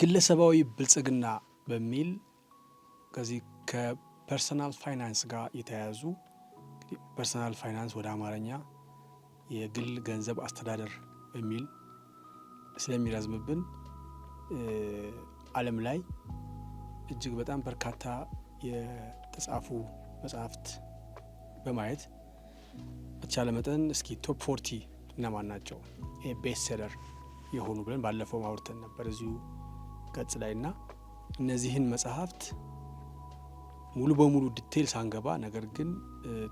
ግለሰባዊ ብልጽግና በሚል ከዚህ ከፐርሰናል ፋይናንስ ጋር የተያያዙ ፐርሰናል ፋይናንስ ወደ አማርኛ የግል ገንዘብ አስተዳደር በሚል ስለሚረዝምብን ዓለም ላይ እጅግ በጣም በርካታ የተጻፉ መጽሐፍት በማየት በተቻለ መጠን እስኪ ቶፕ ፎርቲ እነማን ናቸው ቤስት ሴለር የሆኑ ብለን ባለፈው አውርተን ነበር እዚሁ ገጽ ላይ እነዚህን መጽሐፍት ሙሉ በሙሉ ዲቴል ሳንገባ ነገር ግን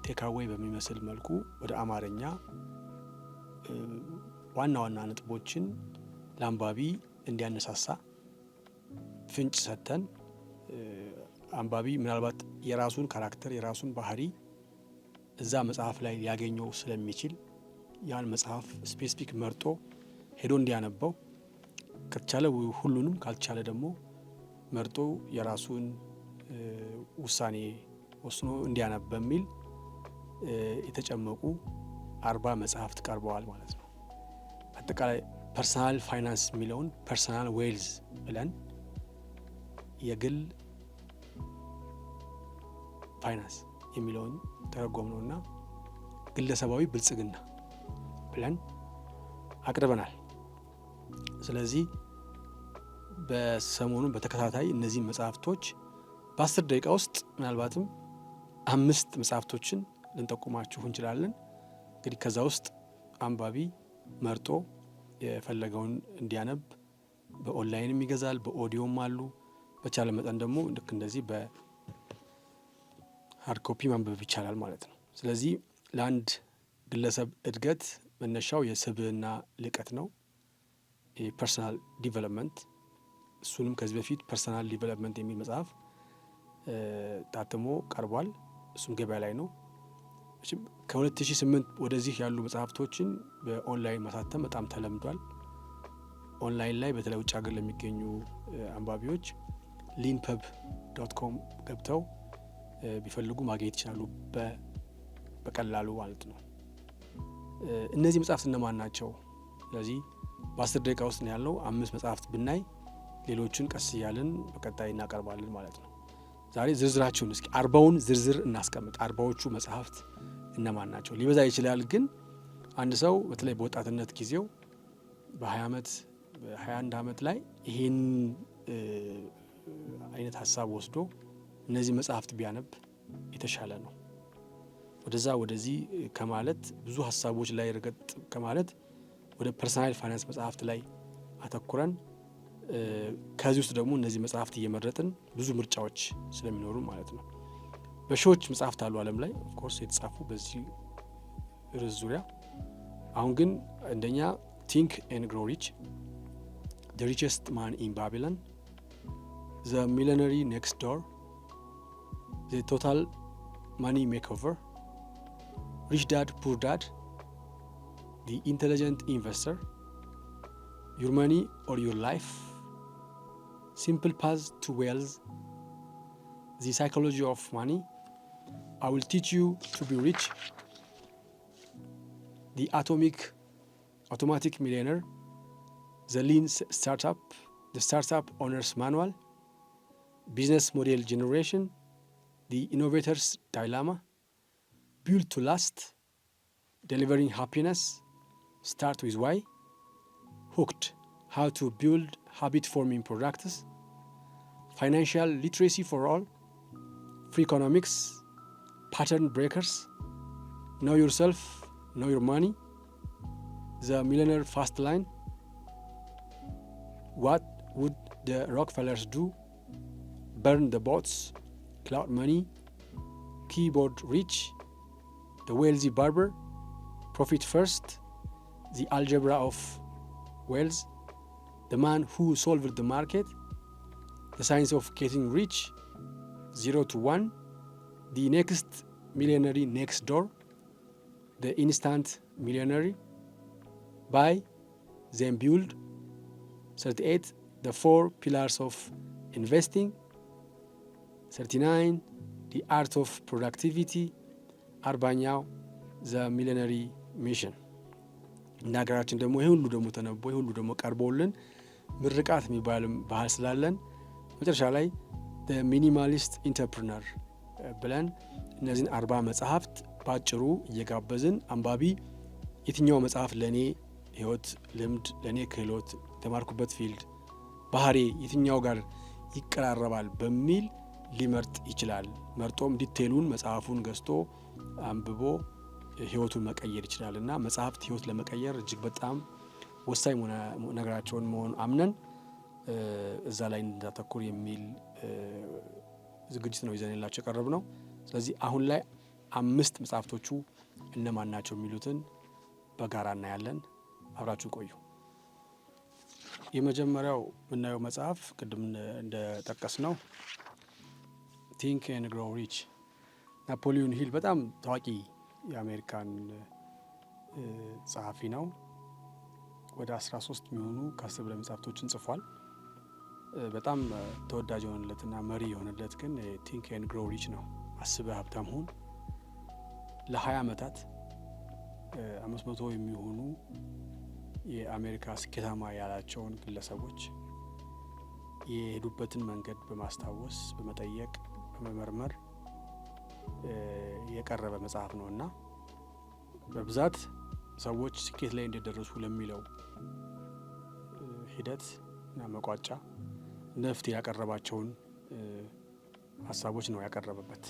ቴካዌይ በሚመስል መልኩ ወደ አማርኛ ዋና ዋና ነጥቦችን ለአንባቢ እንዲያነሳሳ ፍንጭ ሰጥተን አንባቢ ምናልባት የራሱን ካራክተር የራሱን ባህሪ እዛ መጽሐፍ ላይ ሊያገኘው ስለሚችል ያን መጽሐፍ ስፔሲፊክ መርጦ ሄዶ እንዲያነበው ከተቻለ ሁሉንም፣ ካልቻለ ደግሞ መርጦ የራሱን ውሳኔ ወስኖ እንዲያነብ በሚል የተጨመቁ አርባ መጽሐፍት ቀርበዋል ማለት ነው። አጠቃላይ ፐርሰናል ፋይናንስ የሚለውን ፐርሰናል ዌልዝ ብለን የግል ፋይናንስ የሚለውን ተረጎም ነው እና ግለሰባዊ ብልጽግና ብለን አቅርበናል። ስለዚህ በሰሞኑ በተከታታይ እነዚህ መጽሐፍቶች በአስር ደቂቃ ውስጥ ምናልባትም አምስት መጽሐፍቶችን ልንጠቁማችሁ እንችላለን። እንግዲህ ከዛ ውስጥ አንባቢ መርጦ የፈለገውን እንዲያነብ በኦንላይንም ይገዛል፣ በኦዲዮም አሉ። በቻለ መጠን ደግሞ ልክ እንደዚህ በሃርድኮፒ ኮፒ ማንበብ ይቻላል ማለት ነው። ስለዚህ ለአንድ ግለሰብ እድገት መነሻው የስብዕና ልቀት ነው፣ የፐርሰናል ዲቨሎፕመንት እሱንም ከዚህ በፊት ፐርሰናል ዲቨሎፕመንት የሚል መጽሐፍ ታትሞ ቀርቧል። እሱም ገበያ ላይ ነው። ከ2008 ወደዚህ ያሉ መጽሐፍቶችን በኦንላይን ማሳተም በጣም ተለምዷል። ኦንላይን ላይ በተለይ ውጭ ሀገር ለሚገኙ አንባቢዎች ሊንፐብ ዶት ኮም ገብተው ቢፈልጉ ማግኘት ይችላሉ፣ በቀላሉ ማለት ነው። እነዚህ መጽሐፍት እነማን ናቸው? ስለዚህ በአስር ደቂቃ ውስጥ ነው ያለው። አምስት መጽሐፍት ብናይ ሌሎችን ቀስ እያልን በቀጣይ እናቀርባለን ማለት ነው። ዛሬ ዝርዝራቸውን እስኪ አርባውን ዝርዝር እናስቀምጥ። አርባዎቹ መጽሐፍት እነማን ናቸው? ሊበዛ ይችላል ግን አንድ ሰው በተለይ በወጣትነት ጊዜው በ20 ዓመት በ21 ዓመት ላይ ይሄን አይነት ሀሳብ ወስዶ እነዚህ መጽሐፍት ቢያነብ የተሻለ ነው። ወደዛ ወደዚህ ከማለት ብዙ ሀሳቦች ላይ ረገጥ ከማለት ወደ ፐርሰናል ፋይናንስ መጽሐፍት ላይ አተኩረን ከዚህ ውስጥ ደግሞ እነዚህ መጽሐፍት እየመረጥን ብዙ ምርጫዎች ስለሚኖሩ ማለት ነው። በሺዎች መጽሐፍት አሉ ዓለም ላይ ኦፍኮርስ የተጻፉ በዚህ ርዕስ ዙሪያ። አሁን ግን እንደኛ ቲንክ ኤንድ ግሮ ሪች፣ ዘ ሪቸስት ማን ኢን ባቢሎን፣ ዘ ሚሊነሪ ኔክስት ዶር፣ ዘ ቶታል ማኒ ሜክኦቨር፣ ሪች ዳድ ፑር ዳድ፣ ዘ ኢንቴሊጀንት ኢንቨስተር፣ ዩር ማኒ ኦር ዩር ላይፍ Simple Path to Wealth, The Psychology of Money, I will teach you to be rich, The Atomic Automatic Millionaire, The Lean Startup, The Startup Owner's Manual, Business Model Generation, The Innovator's Dilemma, Build to Last, Delivering Happiness, Start with Why, Hooked, How to Build habit forming products, financial literacy for all, free economics, pattern breakers, know yourself, know your money, the millionaire fast line, what would the Rockefellers do? Burn the boats, cloud money, keyboard rich, the wealthy barber, profit first, the algebra of wealth. The Man Who Solved the Market, The Science of Getting Rich, ዜሮ ቱ ዋን፣ ዲ ኔክስት ሚሊዮነሪ ኔክስት ዶር፣ ደ ኢንስታንት ሚሊዮነሪ፣ ባይ ዜን ቢውልድ፣ 38 ደ ፎር ፒላርስ ኦፍ ኢንቨስቲንግ፣ 39 ዲ አርት ኦፍ ፕሮዳክቲቪቲ፣ አርባኛው ዘ ሚሊዮነሪ ሚሽን። እንደ ሀገራችን ደግሞ ይህ ሁሉ ደግሞ ተነቦ ይህ ሁሉ ደግሞ ቀርቦልን ምርቃት የሚባልም ባህል ስላለን መጨረሻ ላይ ሚኒማሊስት ኢንተርፕርነር ብለን እነዚህን አርባ መጽሐፍት በአጭሩ እየጋበዝን አንባቢ የትኛው መጽሐፍ ለእኔ ህይወት ልምድ፣ ለእኔ ክህሎት፣ የተማርኩበት ፊልድ፣ ባህሬ የትኛው ጋር ይቀራረባል በሚል ሊመርጥ ይችላል። መርጦም ዲቴሉን መጽሐፉን ገዝቶ አንብቦ ህይወቱን መቀየር ይችላል እና መጽሐፍት ህይወት ለመቀየር እጅግ በጣም ወሳኝ ነገራቸውን መሆን አምነን እዛ ላይ እንዳተኩር የሚል ዝግጅት ነው ይዘንላቸው የቀረብ ነው። ስለዚህ አሁን ላይ አምስት መጽሐፍቶቹ እነማን ናቸው የሚሉትን በጋራ እናያለን። አብራችሁ ቆዩ። የመጀመሪያው የምናየው መጽሐፍ ቅድም እንደጠቀስ ነው ቲንክ ኤንድ ግሮ ሪች ናፖሊዮን ሂል በጣም ታዋቂ የአሜሪካን ጸሐፊ ነው። ወደ 13 የሚሆኑ ከአስር በላይ መጽሐፍቶችን ጽፏል። በጣም ተወዳጅ የሆነለትና መሪ የሆነለት ግን ቲንክ ኤንድ ግሮው ሪች ነው። አስበህ ሀብታም ሁን። ለ20 ዓመታት 500 የሚሆኑ የአሜሪካ ስኬታማ ያላቸውን ግለሰቦች የሄዱበትን መንገድ በማስታወስ በመጠየቅ በመመርመር የቀረበ መጽሐፍ ነው እና በብዛት ሰዎች ስኬት ላይ እንደደረሱ ለሚለው ሂደት እና መቋጫ ነፍት ያቀረባቸውን ሀሳቦች ነው ያቀረበበት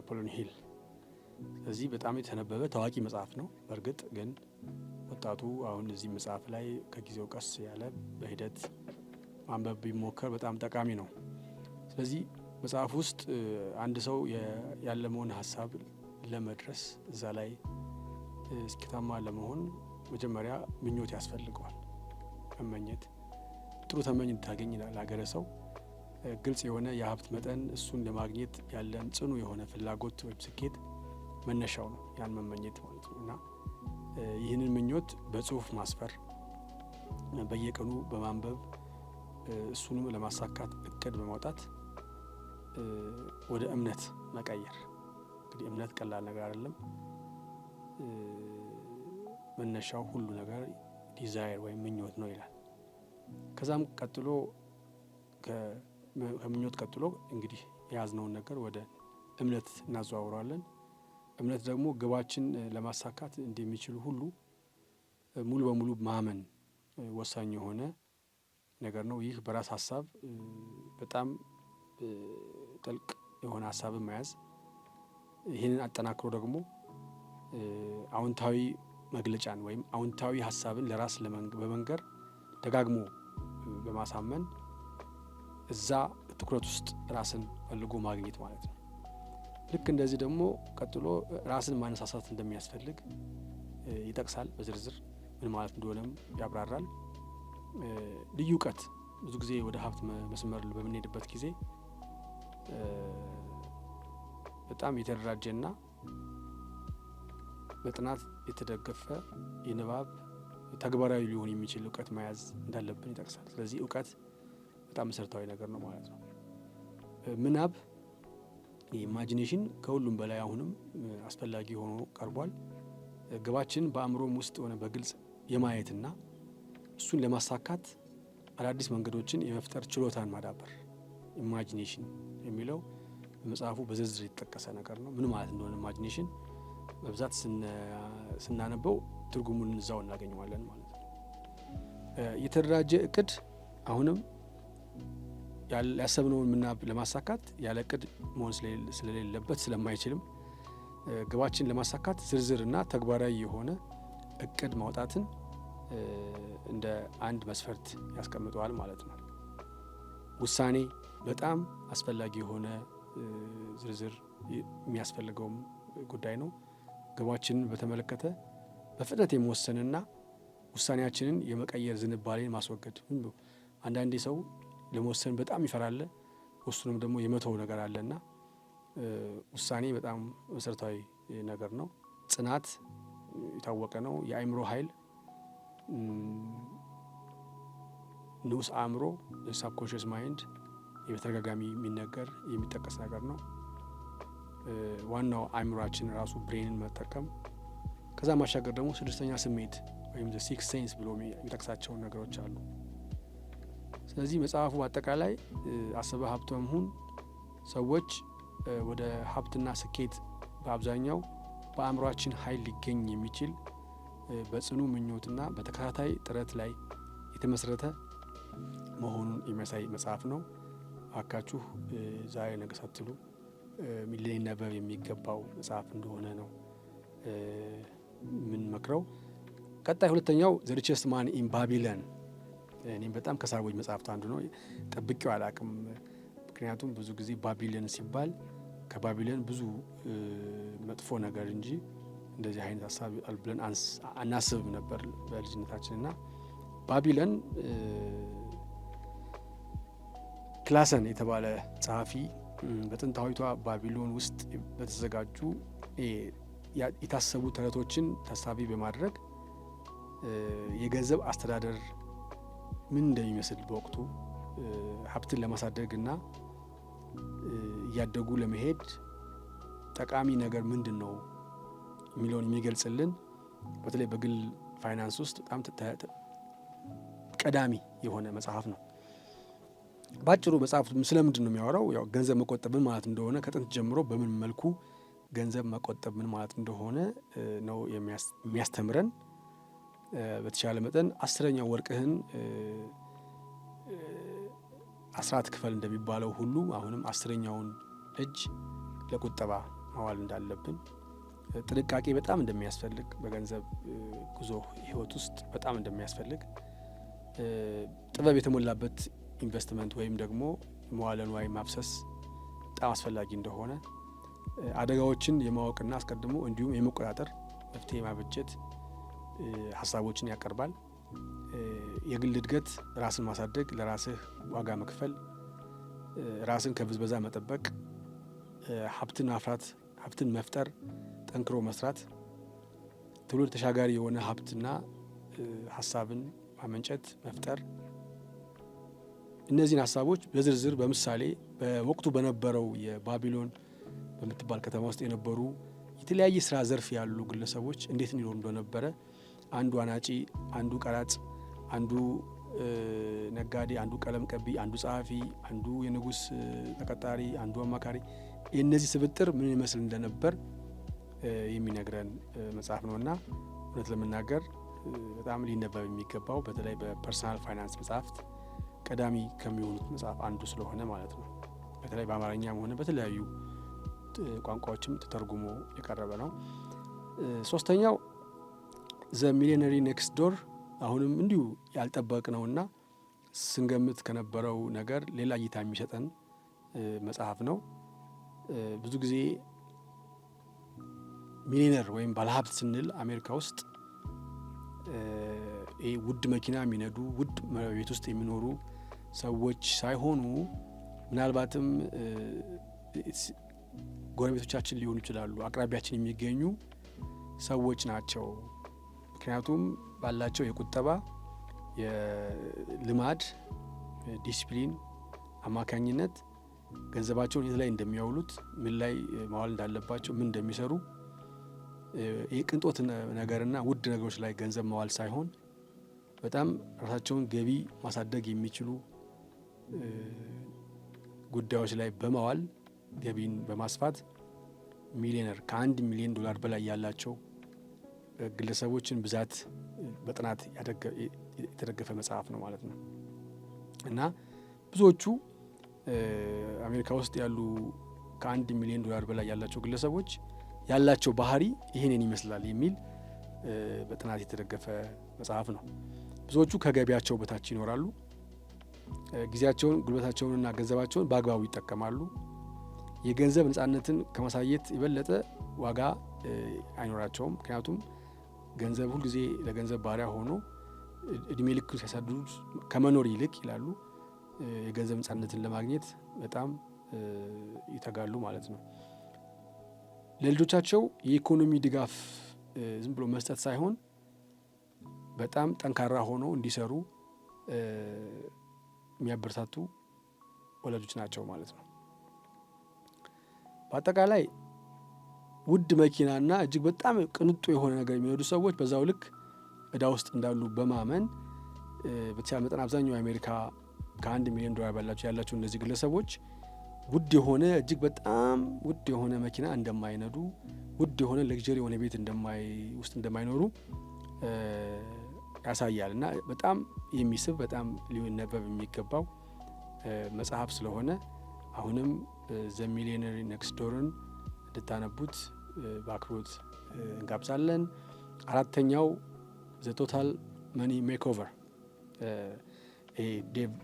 አፖሎኒ ሂል። ስለዚህ በጣም የተነበበ ታዋቂ መጽሐፍ ነው። በእርግጥ ግን ወጣቱ አሁን እዚህ መጽሐፍ ላይ ከጊዜው ቀስ ያለ በሂደት ማንበብ ቢሞከር በጣም ጠቃሚ ነው። ስለዚህ መጽሐፍ ውስጥ አንድ ሰው ያለመውን ሀሳብ ለመድረስ እዛ ላይ እስኪታማ ለመሆን መጀመሪያ ምኞት ያስፈልገዋል። መመኘት ጥሩ ተመኝ እንድታገኝ ይላል ሰው። ግልጽ የሆነ የሀብት መጠን እሱን ለማግኘት ያለን ጽኑ የሆነ ፍላጎት ወይም ስኬት መነሻው ነው፣ ያን መመኘት ማለት ነው። እና ይህንን ምኞት በጽሁፍ ማስፈር፣ በየቀኑ በማንበብ እሱንም ለማሳካት እቅድ በማውጣት ወደ እምነት መቀየር። እንግዲህ እምነት ቀላል ነገር አይደለም። መነሻው ሁሉ ነገር ዲዛይር ወይም ምኞት ነው ይላል። ከዛም ቀጥሎ ከምኞት ቀጥሎ እንግዲህ የያዝነውን ነገር ወደ እምነት እናዘዋውረዋለን። እምነት ደግሞ ግባችን ለማሳካት እንደሚችሉ ሁሉ ሙሉ በሙሉ ማመን ወሳኝ የሆነ ነገር ነው። ይህ በራስ ሀሳብ በጣም ጥልቅ የሆነ ሀሳብን መያዝ፣ ይህንን አጠናክሮ ደግሞ አዎንታዊ መግለጫን ወይም አውንታዊ ሀሳብን ለራስ በመንገር ደጋግሞ በማሳመን እዛ ትኩረት ውስጥ ራስን ፈልጎ ማግኘት ማለት ነው። ልክ እንደዚህ ደግሞ ቀጥሎ ራስን ማነሳሳት እንደሚያስፈልግ ይጠቅሳል በዝርዝር ምን ማለት እንደሆነም ያብራራል። ልዩ እውቀት ብዙ ጊዜ ወደ ሀብት መስመር በምንሄድበት ጊዜ በጣም የተደራጀና በጥናት የተደገፈ የንባብ ተግባራዊ ሊሆን የሚችል እውቀት መያዝ እንዳለብን ይጠቅሳል። ስለዚህ እውቀት በጣም መሰረታዊ ነገር ነው ማለት ነው። ምናብ ኢማጂኔሽን ከሁሉም በላይ አሁንም አስፈላጊ ሆኖ ቀርቧል። ግባችን በአእምሮም ውስጥ ሆነ በግልጽ የማየትና እሱን ለማሳካት አዳዲስ መንገዶችን የመፍጠር ችሎታን ማዳበር ኢማጂኔሽን የሚለው በመጽሐፉ በዝርዝር የተጠቀሰ ነገር ነው። ምን ማለት እንደሆነ ኢማጂኔሽን በብዛት ስናነበው ትርጉሙን እዛው እናገኘዋለን ማለት ነው። የተደራጀ እቅድ አሁንም ያሰብነውን ምናብ ለማሳካት ያለ እቅድ መሆን ስለሌለበት ስለማይችልም ግባችን ለማሳካት ዝርዝር እና ተግባራዊ የሆነ እቅድ ማውጣትን እንደ አንድ መስፈርት ያስቀምጠዋል ማለት ነው። ውሳኔ በጣም አስፈላጊ የሆነ ዝርዝር የሚያስፈልገውም ጉዳይ ነው። ግባችንን በተመለከተ በፍጥነት የመወሰንና ውሳኔያችንን የመቀየር ዝንባሌን ማስወገድ። አንዳንዴ ሰው ለመወሰን በጣም ይፈራል፣ ውስኑም ደግሞ የመተው ነገር አለና ውሳኔ በጣም መሰረታዊ ነገር ነው። ጽናት የታወቀ ነው። የአእምሮ ኃይል ንዑስ አእምሮ ሳብኮንሽስ ማይንድ በተደጋጋሚ የሚነገር የሚጠቀስ ነገር ነው። ዋናው አእምሯችን ራሱ ብሬንን መጠቀም ከዛ ማሻገር ደግሞ ስድስተኛ ስሜት ወይም ሲክስ ሴንስ ብሎ የሚጠቅሳቸውን ነገሮች አሉ። ስለዚህ መጽሐፉ አጠቃላይ አሰበ ሀብት ምሁን ሰዎች ወደ ሀብትና ስኬት በአብዛኛው በአእምሯችን ኃይል ሊገኝ የሚችል በጽኑ ምኞትና በተከታታይ ጥረት ላይ የተመሰረተ መሆኑን የሚያሳይ መጽሐፍ ነው። አካችሁ ዛሬ ነገሳትሉ ሳትሉ ሊነበብ የሚገባው መጽሐፍ እንደሆነ ነው የምንመክረው። ቀጣይ ሁለተኛው ዘ ሪቸስት ማን ኢን ባቢለን እኔም በጣም ከሳቦች መጽሐፍት አንዱ ነው። ጠብቄው አላቅም። ምክንያቱም ብዙ ጊዜ ባቢለን ሲባል ከባቢለን ብዙ መጥፎ ነገር እንጂ እንደዚህ አይነት ሀሳብ ይወጣል ብለን አናስብም ነበር በልጅነታችን እና ባቢለን ክላሰን የተባለ ጸሐፊ በጥንታዊቷ ባቢሎን ውስጥ በተዘጋጁ የታሰቡ ተረቶችን ታሳቢ በማድረግ የገንዘብ አስተዳደር ምን እንደሚመስል በወቅቱ ሀብትን ለማሳደግ እና እያደጉ ለመሄድ ጠቃሚ ነገር ምንድን ነው የሚለውን የሚገልጽልን በተለይ በግል ፋይናንስ ውስጥ በጣም ቀዳሚ የሆነ መጽሐፍ ነው። ባጭሩ መጽሐፍ ስለምንድን ነው የሚያወራው? ያው ገንዘብ መቆጠብ ምን ማለት እንደሆነ ከጥንት ጀምሮ በምን መልኩ ገንዘብ መቆጠብ ምን ማለት እንደሆነ ነው የሚያስተምረን። በተቻለ መጠን አስረኛው ወርቅህን አስራት ክፈል እንደሚባለው ሁሉ አሁንም አስረኛውን እጅ ለቁጠባ ማዋል እንዳለብን ጥንቃቄ በጣም እንደሚያስፈልግ በገንዘብ ጉዞ ህይወት ውስጥ በጣም እንደሚያስፈልግ ጥበብ የተሞላበት ኢንቨስትመንት ወይም ደግሞ መዋለ ንዋይ ማፍሰስ በጣም አስፈላጊ እንደሆነ አደጋዎችን የማወቅና አስቀድሞ እንዲሁም የመቆጣጠር መፍትሄ ማበጀት ሀሳቦችን ያቀርባል። የግል እድገት ራስን ማሳደግ፣ ለራስህ ዋጋ መክፈል፣ ራስን ከብዝበዛ መጠበቅ፣ ሀብትን ማፍራት፣ ሀብትን መፍጠር፣ ጠንክሮ መስራት፣ ትውልድ ተሻጋሪ የሆነ ሀብትና ሀሳብን ማመንጨት መፍጠር እነዚህን ሀሳቦች በዝርዝር በምሳሌ በወቅቱ በነበረው የባቢሎን በምትባል ከተማ ውስጥ የነበሩ የተለያየ ስራ ዘርፍ ያሉ ግለሰቦች እንዴት እንዲኖሩ እንደነበረ አንዱ አናጪ፣ አንዱ ቀራጭ፣ አንዱ ነጋዴ፣ አንዱ ቀለም ቀቢ፣ አንዱ ጸሐፊ፣ አንዱ የንጉስ ተቀጣሪ፣ አንዱ አማካሪ፣ የእነዚህ ስብጥር ምን ይመስል እንደነበር የሚነግረን መጽሐፍ ነው እና እውነት ለመናገር በጣም ሊነበብ የሚገባው በተለይ በፐርሰናል ፋይናንስ መጽሐፍት ቀዳሚ ከሚሆኑት መጽሐፍ አንዱ ስለሆነ ማለት ነው። በተለይ በአማርኛም ሆነ በተለያዩ ቋንቋዎችም ተተርጉሞ የቀረበ ነው። ሶስተኛው ዘ ሚሊነሪ ኔክስት ዶር አሁንም እንዲሁ ያልጠበቅ ነውና ስንገምት ከነበረው ነገር ሌላ እይታ የሚሰጠን መጽሐፍ ነው። ብዙ ጊዜ ሚሊነር ወይም ባለሀብት ስንል አሜሪካ ውስጥ ውድ መኪና የሚነዱ ውድ ቤት ውስጥ የሚኖሩ ሰዎች ሳይሆኑ ምናልባትም ጎረቤቶቻችን ሊሆኑ ይችላሉ፣ አቅራቢያችን የሚገኙ ሰዎች ናቸው። ምክንያቱም ባላቸው የቁጠባ የልማድ ዲሲፕሊን አማካኝነት ገንዘባቸውን የት ላይ እንደሚያውሉት፣ ምን ላይ ማዋል እንዳለባቸው፣ ምን እንደሚሰሩ የቅንጦት ነገርና ውድ ነገሮች ላይ ገንዘብ መዋል ሳይሆን በጣም ራሳቸውን ገቢ ማሳደግ የሚችሉ ጉዳዮች ላይ በማዋል ገቢን በማስፋት ሚሊዮነር ከአንድ ሚሊዮን ዶላር በላይ ያላቸው ግለሰቦችን ብዛት በጥናት የተደገፈ መጽሐፍ ነው ማለት ነው እና ብዙዎቹ አሜሪካ ውስጥ ያሉ ከአንድ ሚሊዮን ዶላር በላይ ያላቸው ግለሰቦች ያላቸው ባህሪ ይህንን ይመስላል የሚል በጥናት የተደገፈ መጽሐፍ ነው። ብዙዎቹ ከገቢያቸው በታች ይኖራሉ። ጊዜያቸውን ጉልበታቸውንና ገንዘባቸውን በአግባቡ ይጠቀማሉ። የገንዘብ ነፃነትን ከማሳየት የበለጠ ዋጋ አይኖራቸውም። ምክንያቱም ገንዘብ ሁልጊዜ ለገንዘብ ባሪያ ሆኖ እድሜ ልክ ሲያሳድዱት ከመኖር ይልቅ ይላሉ የገንዘብ ነፃነትን ለማግኘት በጣም ይተጋሉ ማለት ነው። ለልጆቻቸው የኢኮኖሚ ድጋፍ ዝም ብሎ መስጠት ሳይሆን በጣም ጠንካራ ሆኖ እንዲሰሩ የሚያበረታቱ ወላጆች ናቸው ማለት ነው። በአጠቃላይ ውድ መኪናና እጅግ በጣም ቅንጡ የሆነ ነገር የሚወዱ ሰዎች በዛው ልክ እዳ ውስጥ እንዳሉ በማመን በተቻለ መጠን አብዛኛው የአሜሪካ ከአንድ ሚሊዮን ዶላር ባላቸው ያላቸው እነዚህ ግለሰቦች ውድ የሆነ እጅግ በጣም ውድ የሆነ መኪና እንደማይነዱ ውድ የሆነ ለግጀሪ የሆነ ቤት ውስጥ እንደማይኖሩ ያሳያል እና በጣም የሚስብ በጣም ሊነበብ የሚገባው መጽሐፍ ስለሆነ አሁንም ዘ ሚሊዮነሪ ኔክስት ዶርን እንድታነቡት በአክብሮት እንጋብዛለን። አራተኛው ዘ ቶታል መኒ ሜክኦቨር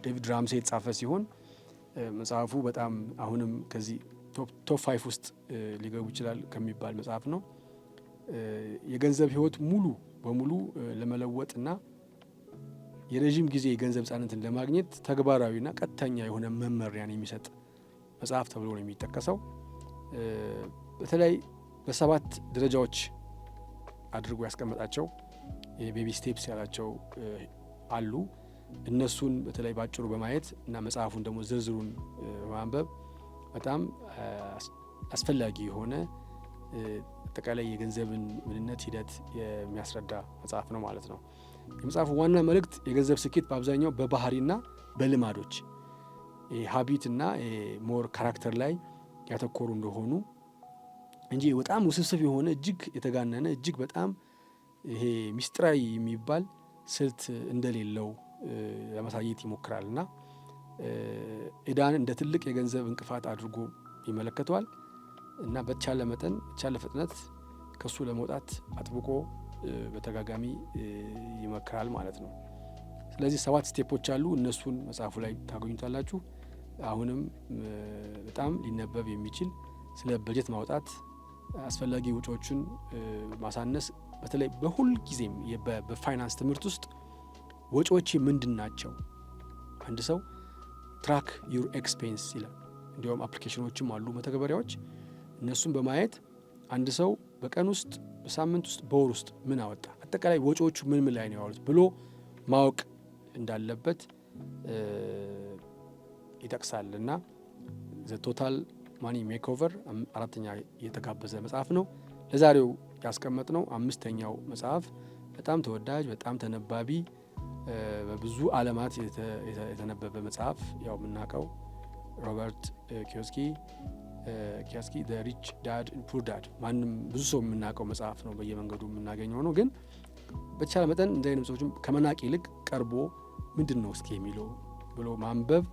ዴቪድ ራምሴ የተጻፈ ሲሆን መጽሐፉ በጣም አሁንም ከዚህ ቶፕ ፋይፍ ውስጥ ሊገቡ ይችላል ከሚባል መጽሐፍ ነው። የገንዘብ ህይወት ሙሉ በሙሉ ለመለወጥና የረዥም ጊዜ የገንዘብ ህጻንነትን ለማግኘት ተግባራዊና ቀጥተኛ የሆነ መመሪያን የሚሰጥ መጽሐፍ ተብሎ ነው የሚጠቀሰው። በተለይ በሰባት ደረጃዎች አድርጎ ያስቀመጣቸው የቤቢ ስቴፕስ ያላቸው አሉ። እነሱን በተለይ በአጭሩ በማየት እና መጽሐፉን ደግሞ ዝርዝሩን በማንበብ በጣም አስፈላጊ የሆነ አጠቃላይ የገንዘብን ምንነት ሂደት የሚያስረዳ መጽሐፍ ነው ማለት ነው። የመጽሐፉ ዋና መልእክት የገንዘብ ስኬት በአብዛኛው በባህሪና በልማዶች ሀቢትና ሞር ካራክተር ላይ ያተኮሩ እንደሆኑ እንጂ በጣም ውስብስብ የሆነ እጅግ የተጋነነ እጅግ በጣም ይሄ ሚስጥራዊ የሚባል ስልት እንደሌለው ለማሳየት ይሞክራል እና ዕዳን እንደ ትልቅ የገንዘብ እንቅፋት አድርጎ ይመለከተዋል። እና በተቻለ መጠን በተቻለ ፍጥነት ከሱ ለመውጣት አጥብቆ በተጋጋሚ ይመክራል ማለት ነው። ስለዚህ ሰባት ስቴፖች አሉ። እነሱን መጽሐፉ ላይ ታገኙታላችሁ። አሁንም በጣም ሊነበብ የሚችል ስለ በጀት ማውጣት፣ አስፈላጊ ወጪዎችን ማሳነስ፣ በተለይ በሁል ጊዜም በፋይናንስ ትምህርት ውስጥ ወጪዎች ምንድን ናቸው? አንድ ሰው ትራክ ዩር ኤክስፔንስ ይላል። እንዲሁም አፕሊኬሽኖችም አሉ መተግበሪያዎች እነሱን በማየት አንድ ሰው በቀን ውስጥ በሳምንት ውስጥ በወር ውስጥ ምን አወጣ፣ አጠቃላይ ወጪዎቹ ምን ምን ላይ ነው ያሉት ብሎ ማወቅ እንዳለበት ይጠቅሳል እና ዘ ቶታል ማኒ ሜኮቨር አራተኛ የተጋበዘ መጽሐፍ ነው። ለዛሬው ያስቀመጥ ነው አምስተኛው መጽሐፍ በጣም ተወዳጅ በጣም ተነባቢ በብዙ ዓለማት የተነበበ መጽሐፍ ያው የምናውቀው ሮበርት ኪዮስኪ ኪያስኪ ደ ሪች ዳድ ፑር ዳድ ማንም ብዙ ሰው የምናውቀው መጽሐፍ ነው፣ በየመንገዱ የምናገኘው ነው። ግን በተቻለ መጠን እንደ አይነት ሰዎችም ከመናቅ ይልቅ ቀርቦ ምንድን ነው እስኪ የሚለው ብሎ ማንበብ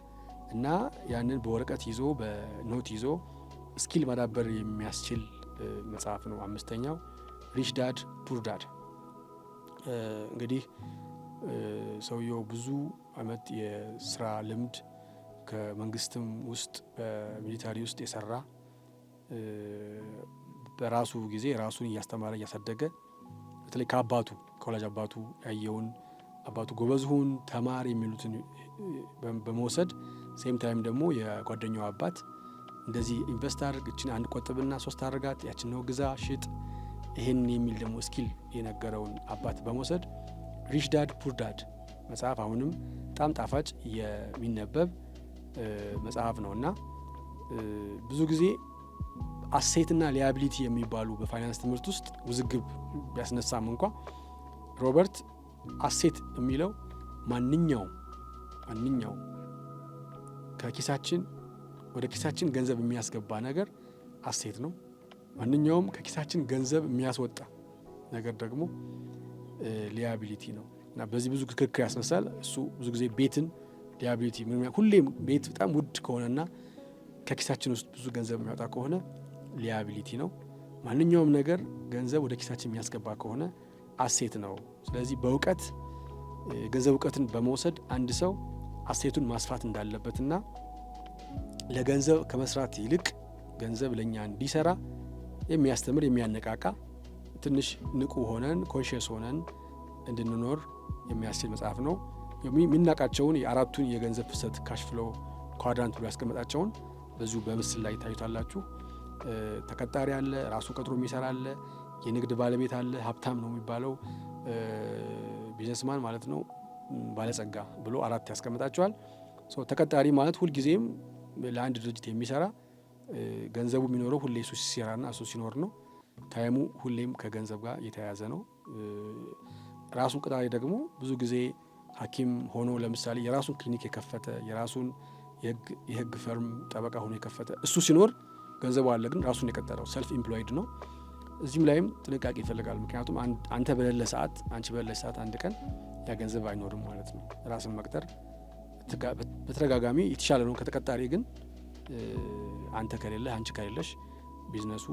እና ያንን በወረቀት ይዞ በኖት ይዞ ስኪል ማዳበር የሚያስችል መጽሐፍ ነው። አምስተኛው ሪች ዳድ ፑር ዳድ እንግዲህ ሰውየው ብዙ አመት የስራ ልምድ ከመንግስትም ውስጥ በሚሊታሪ ውስጥ የሰራ በራሱ ጊዜ ራሱን እያስተማረ እያሳደገ በተለይ ከአባቱ ከወላጅ አባቱ ያየውን አባቱ ጎበዝሁን ተማር የሚሉትን በመውሰድ ሴም ታይም ደግሞ የጓደኛው አባት እንደዚህ ኢንቨስት አድርግ፣ እችን አንድ ቆጥብና ሶስት አድርጋት፣ ያችን ነው ግዛ፣ ሽጥ፣ ይህን የሚል ደግሞ ስኪል የነገረውን አባት በመውሰድ ሪች ዳድ ፑር ዳድ መጽሐፍ አሁንም በጣም ጣፋጭ የሚነበብ መጽሐፍ ነው እና ብዙ ጊዜ አሴትና ሊያቢሊቲ የሚባሉ በፋይናንስ ትምህርት ውስጥ ውዝግብ ቢያስነሳም እንኳ ሮበርት አሴት የሚለው ማንኛውም ማንኛው ከኪሳችን ወደ ኪሳችን ገንዘብ የሚያስገባ ነገር አሴት ነው። ማንኛውም ከኪሳችን ገንዘብ የሚያስወጣ ነገር ደግሞ ሊያቢሊቲ ነው እና በዚህ ብዙ ክርክር ያስነሳል። እሱ ብዙ ጊዜ ቤትን ዲያቤቲ ሁሌም ቤት በጣም ውድ ከሆነና ከኪሳችን ውስጥ ብዙ ገንዘብ የሚያወጣ ከሆነ ሊያቢሊቲ ነው። ማንኛውም ነገር ገንዘብ ወደ ኪሳችን የሚያስገባ ከሆነ አሴት ነው። ስለዚህ በእውቀት ገንዘብ እውቀትን በመውሰድ አንድ ሰው አሴቱን ማስፋት እንዳለበትና ለገንዘብ ከመስራት ይልቅ ገንዘብ ለእኛ እንዲሰራ የሚያስተምር የሚያነቃቃ ትንሽ ንቁ ሆነን ኮንሽስ ሆነን እንድንኖር የሚያስችል መጽሐፍ ነው። የሚናቃቸውን የአራቱን የገንዘብ ፍሰት ካሽፍሎ ኳድራንት ብሎ ያስቀመጣቸውን በዚሁ በምስል ላይ ታዩታላችሁ። ተቀጣሪ አለ፣ ራሱ ቀጥሮ የሚሰራ አለ፣ የንግድ ባለቤት አለ፣ ሀብታም ነው የሚባለው ቢዝነስማን ማለት ነው፣ ባለጸጋ ብሎ አራት ያስቀምጣቸዋል። ተቀጣሪ ማለት ሁልጊዜም ለአንድ ድርጅት የሚሰራ ገንዘቡ የሚኖረው ሁሌ እሱ ሲሰራና እሱ ሲኖር ነው። ታይሙ ሁሌም ከገንዘብ ጋር የተያያዘ ነው። ራሱ ቀጣሪ ደግሞ ብዙ ጊዜ ሐኪም ሆኖ ለምሳሌ የራሱን ክሊኒክ የከፈተ የራሱን የህግ ፈርም ጠበቃ ሆኖ የከፈተ እሱ ሲኖር ገንዘቡ አለ፣ ግን ራሱን የቀጠረው ሰልፍ ኢምፕሎይድ ነው። እዚህም ላይም ጥንቃቄ ይፈልጋል። ምክንያቱም አንተ በሌለ ሰዓት፣ አንቺ በሌለ ሰዓት አንድ ቀን ያ ገንዘብ አይኖርም ማለት ነው። ራስን መቅጠር በተደጋጋሚ የተሻለ ነው ከተቀጣሪ ግን አንተ ከሌለ አንቺ ከሌለሽ ቢዝነሱ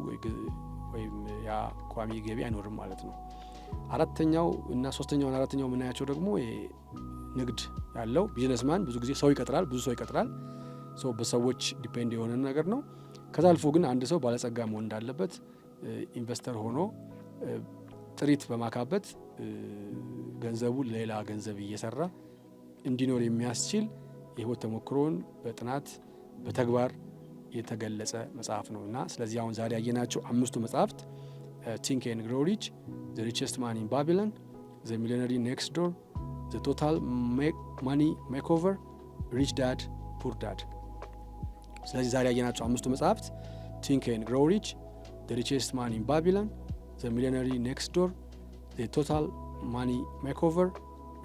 ወይም ያ ቋሚ ገቢ አይኖርም ማለት ነው። አራተኛው እና ሶስተኛውን አራተኛው የምናያቸው ደግሞ ንግድ ያለው ቢዝነስማን ብዙ ጊዜ ሰው ይቀጥራል፣ ብዙ ሰው ይቀጥራል። ሰው በሰዎች ዲፔንድ የሆነ ነገር ነው። ከዛ አልፎ ግን አንድ ሰው ባለጸጋ መሆን እንዳለበት ኢንቨስተር ሆኖ ጥሪት በማካበት ገንዘቡ ሌላ ገንዘብ እየሰራ እንዲኖር የሚያስችል የህይወት ተሞክሮውን በጥናት በተግባር የተገለጸ መጽሐፍ ነው እና ስለዚህ አሁን ዛሬ ያየናቸው አምስቱ መጽሐፍት ቲንክ ኤንድ ግሮው ሪች ዘ ሪቸስት ማን ኢን ባቢሎን ዘ ሚሊዮነሪ ኔክስት ዶር ዘ ቶታል ማኒ ሜኮቨር ሪች ዳድ ፑር ዳድ። ስለዚህ ዛሬ ያየናቸው አምስቱ መጽሐፍት ቲንክ ኤንድ ግሮው ሪች፣ ዘ ሪቸስት ማን ኢን ባቢሎን፣ ዘ ሚሊዮነሪ ኔክስት ዶር፣ ዘ ቶታል ማኒ ሜኮቨር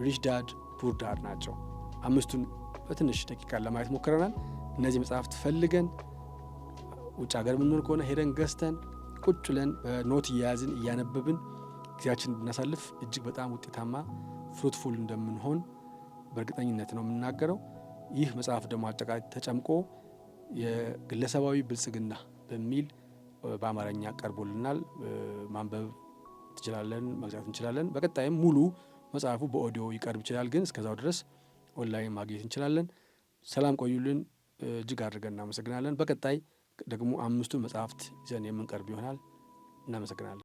ሪች ዳድ ፑር ዳድ ናቸው። አምስቱን በትንሽ ደቂቃ ለማየት ሞክረናል። እነዚህ መጽሐፍት ፈልገን ውጭ ሀገር የምንኖር ከሆነ ሄደን ገዝተን ቁጭ ብለን በኖት እያያዝን እያነበብን ጊዜያችን ብናሳልፍ እጅግ በጣም ውጤታማ ፍሩትፉል እንደምንሆን በእርግጠኝነት ነው የምናገረው። ይህ መጽሐፍ ደግሞ አጠቃላይ ተጨምቆ የግለሰባዊ ብልጽግና በሚል በአማርኛ ቀርቦልናል። ማንበብ ትችላለን፣ መግዛት እንችላለን። በቀጣይም ሙሉ መጽሐፉ በኦዲዮ ይቀርብ ይችላል፣ ግን እስከዛው ድረስ ኦንላይን ማግኘት እንችላለን። ሰላም ቆዩልን። እጅግ አድርገን እናመሰግናለን። በቀጣይ ደግሞ አምስቱ መጽሐፍት ይዘን የምንቀርብ ይሆናል። እናመሰግናለን።